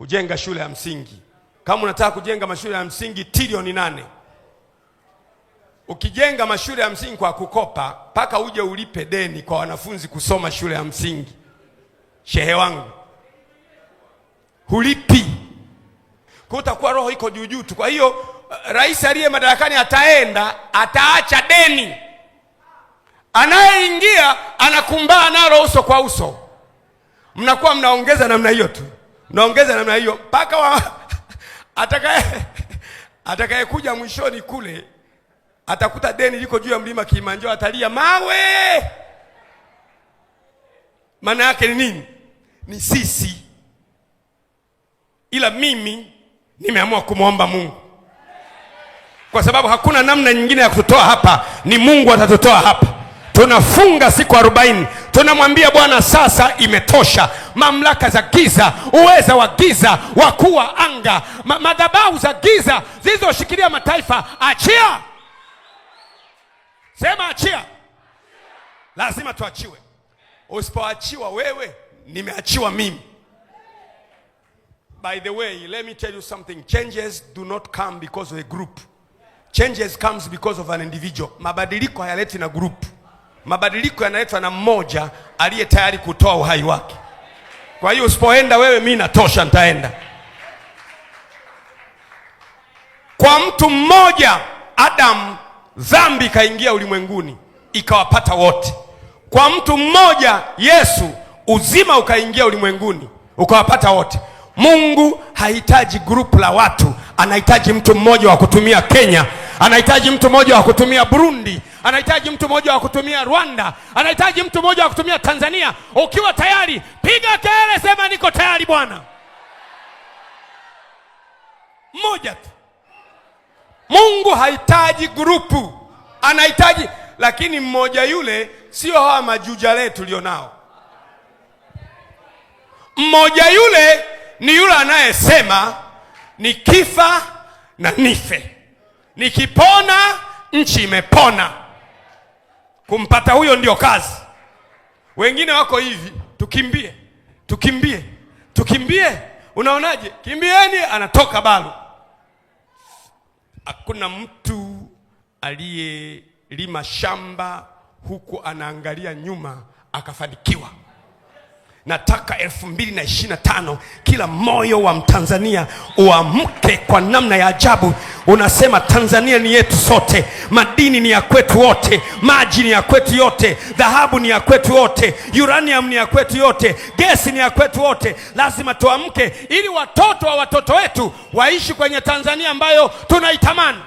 kujenga shule ya msingi. Kama unataka kujenga mashule ya msingi trilioni nane, ukijenga mashule ya msingi kwa kukopa, mpaka uje ulipe deni kwa wanafunzi kusoma shule ya msingi, shehe wangu, hulipi kwa, roho iko juu juu tu. Kwa hiyo eh, rais aliye madarakani ataenda, ataacha deni, anayeingia anakumbana nalo uso kwa uso, mnakuwa mnaongeza namna hiyo tu naongeza namna hiyo mpaka atakaye atakayekuja mwishoni kule atakuta deni liko juu ya mlima Kilimanjaro, atalia mawe. Maana yake ni nini? Ni sisi, ila mimi nimeamua kumwomba Mungu kwa sababu hakuna namna nyingine ya kutotoa hapa, ni Mungu atatotoa hapa tunafunga siku arobaini, tunamwambia Bwana, sasa imetosha. Mamlaka za giza, uweza wa giza, wakuu wa anga, ma madhabahu za giza zilizoshikilia mataifa, achia. Sema achia. Lazima tuachiwe. Usipoachiwa wewe, nimeachiwa mimi. By the way, let me tell you something. Changes do not come because of a group. Changes comes because of an individual. Mabadiliko hayaleti na grupu. Mabadiliko yanaletwa na mmoja aliye tayari kutoa uhai wake. Kwa hiyo usipoenda wewe, mimi natosha, nitaenda. Kwa mtu mmoja Adamu dhambi ikaingia ulimwenguni ikawapata wote. Kwa mtu mmoja Yesu uzima ukaingia ulimwenguni ukawapata wote. Mungu hahitaji grupu la watu, anahitaji mtu mmoja wa kutumia Kenya anahitaji mtu mmoja wa kutumia Burundi, anahitaji mtu mmoja wa kutumia Rwanda, anahitaji mtu mmoja wa kutumia Tanzania. Ukiwa tayari, piga kelele, sema niko tayari Bwana. Mmoja tu. Mungu hahitaji grupu, anahitaji lakini mmoja yule, sio hawa leo tulionao. Mmoja yule ni yule anayesema nikifa na nife Nikipona nchi imepona. Kumpata huyo ndio kazi. Wengine wako hivi, tukimbie, tukimbie, tukimbie. Unaonaje? Kimbieni, anatoka balo Hakuna mtu aliyelima shamba huku anaangalia nyuma akafanikiwa. Nataka elfu mbili na ishirini na tano kila moyo wa Mtanzania uamke kwa namna ya ajabu, unasema Tanzania ni yetu sote, madini ni ya kwetu wote, maji ni ya kwetu yote, dhahabu ni ya kwetu wote, uranium ni ya kwetu yote, gesi ni ya kwetu wote. Lazima tuamke ili watoto wa watoto wetu waishi kwenye Tanzania ambayo tunaitamani.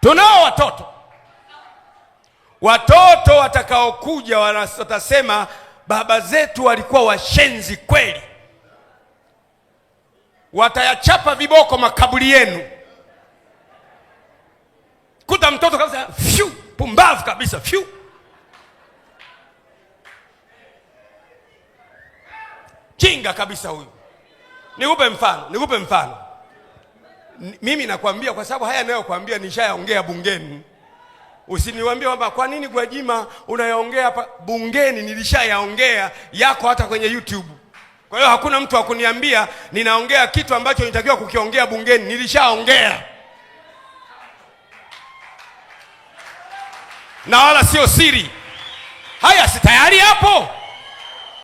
Tunao watoto Watoto watakaokuja watasema baba zetu walikuwa washenzi kweli. Watayachapa viboko makaburi yenu. Kuta mtoto kabisa, fyu pumbavu kabisa, fyu kinga kabisa. Huyu nikupe mfano, nikupe mfano. Mimi nakwambia kwa sababu haya nayokwambia nishayaongea bungeni. Usiniwambie kwamba kwa nini Gwajima unayaongea hapa bungeni, nilishayaongea yako hata kwenye YouTube. Kwa hiyo hakuna mtu wa kuniambia ninaongea kitu ambacho nitakiwa kukiongea bungeni, nilishaongea na wala sio siri. Haya, si tayari hapo.